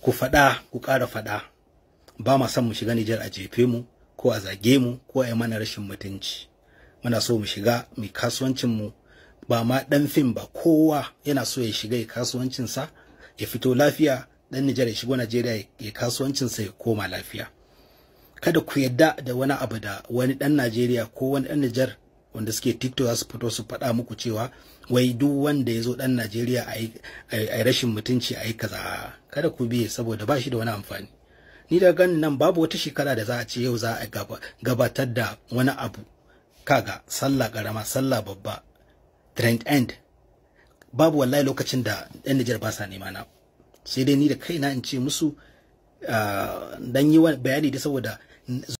ku faɗa ku ƙara faɗa ba ma son mu shiga Nijar a jefe mu ko a zage mu ko a yi mana rashin mutunci muna so mu shiga mai kasuwancin mu ba ma dan fim ba kowa yana so ya shiga ya kasuwancin sa ya fito lafiya dan Nijar ya shigo Najeriya ya kasuwancin sa ya koma lafiya kada ku yadda da wani abu da wani dan Najeriya ko wani dan Nijar wanda suke tiktok za su fito su faɗa muku cewa wai duk wanda ya zo ɗan najeriya a yi rashin mutunci a yi kaza kada ku biye saboda ba shi da wani amfani ni da ganin nan babu wata shekara da za a ce yau za a gabatar da wani abu kaga sallah karama sallah babba trend end babu wallahi lokacin da yan Nijar ba sa nema na sai dai ni da kaina in ce musu ah, dan yi bayani da saboda